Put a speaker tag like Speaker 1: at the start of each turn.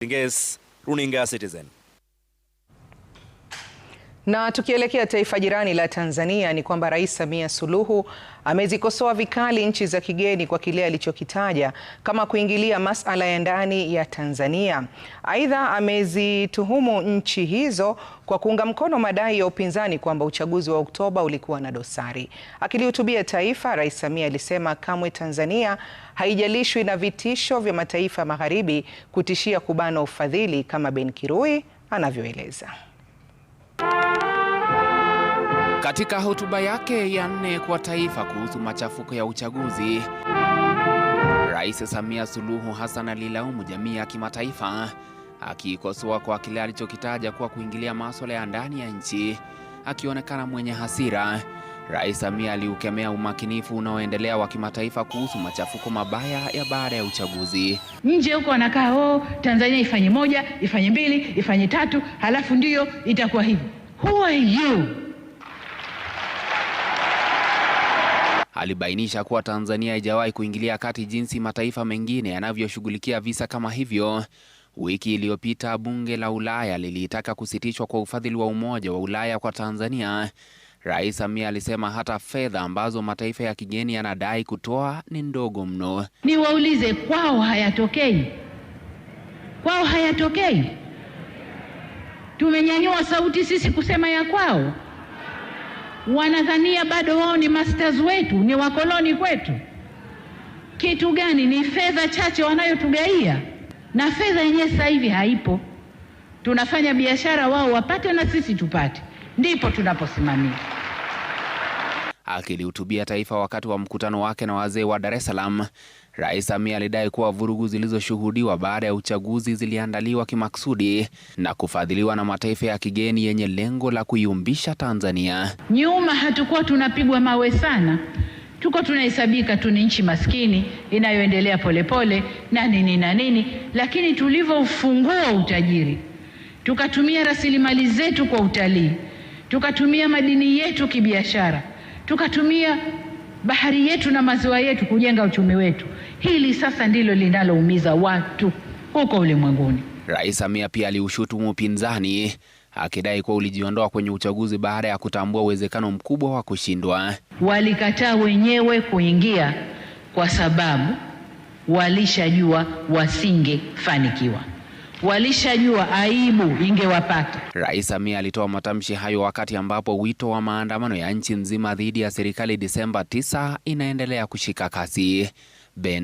Speaker 1: is Rohingya citizen.
Speaker 2: Na tukielekea taifa jirani la Tanzania ni kwamba Rais Samia Suluhu amezikosoa vikali nchi za kigeni kwa kile alichokitaja kama kuingilia masuala ya ndani ya Tanzania. Aidha, amezituhumu nchi hizo kwa kuunga mkono madai ya upinzani kwamba uchaguzi wa Oktoba ulikuwa na dosari. Akilihutubia taifa, Rais Samia alisema kamwe Tanzania haijalishwi na vitisho vya mataifa magharibi kutishia kubana ufadhili kama Ben Kirui anavyoeleza.
Speaker 3: Katika hotuba yake ya nne kwa taifa kuhusu machafuko ya uchaguzi, Rais Samia Suluhu Hassan alilaumu jamii ya kimataifa akiikosoa kwa kile alichokitaja kuwa kuingilia masuala ya ndani ya nchi. Akionekana mwenye hasira, Rais Samia aliukemea umakinifu unaoendelea wa kimataifa kuhusu machafuko mabaya ya baada ya uchaguzi.
Speaker 4: Nje huko wanakaa oh, Tanzania ifanye moja, ifanye mbili, ifanye tatu, halafu ndiyo itakuwa hivi. Who are you?
Speaker 3: alibainisha kuwa Tanzania haijawahi kuingilia kati jinsi mataifa mengine yanavyoshughulikia visa kama hivyo. Wiki iliyopita bunge la Ulaya liliitaka kusitishwa kwa ufadhili wa Umoja wa Ulaya kwa Tanzania. Rais Samia alisema hata fedha ambazo mataifa ya kigeni yanadai kutoa ni ndogo mno.
Speaker 4: Ni waulize kwao hayatokei, kwao hayatokei. Tumenyanyua sauti sisi kusema ya kwao wanadhania bado wao ni masters wetu, ni wakoloni kwetu. Kitu gani? Ni fedha chache wanayotugaia, na fedha yenyewe sasa hivi haipo. Tunafanya biashara, wao wapate na sisi tupate, ndipo tunaposimamia.
Speaker 3: Akilihutubia taifa wakati wa mkutano wake na wazee wa Dar es Salaam, Rais Samia alidai kuwa vurugu zilizoshuhudiwa baada ya uchaguzi ziliandaliwa kimaksudi na kufadhiliwa na mataifa ya kigeni yenye lengo la kuiumbisha Tanzania.
Speaker 4: Nyuma hatukuwa tunapigwa mawe sana, tuko tunahesabika tu ni nchi maskini inayoendelea polepole na nini na nini, lakini tulivyofungua utajiri tukatumia rasilimali zetu kwa utalii, tukatumia madini yetu kibiashara, tukatumia bahari yetu na maziwa yetu kujenga uchumi wetu. Hili sasa ndilo linaloumiza watu huko ulimwenguni.
Speaker 3: Rais Samia pia aliushutumu upinzani akidai kuwa ulijiondoa kwenye uchaguzi baada ya kutambua uwezekano mkubwa wa kushindwa.
Speaker 4: Walikataa wenyewe kuingia kwa sababu walishajua wasingefanikiwa walishajua aibu ingewapata.
Speaker 3: Rais Samia alitoa matamshi hayo wakati ambapo wito wa maandamano ya nchi nzima dhidi ya serikali Disemba 9 inaendelea kushika kasi. Ben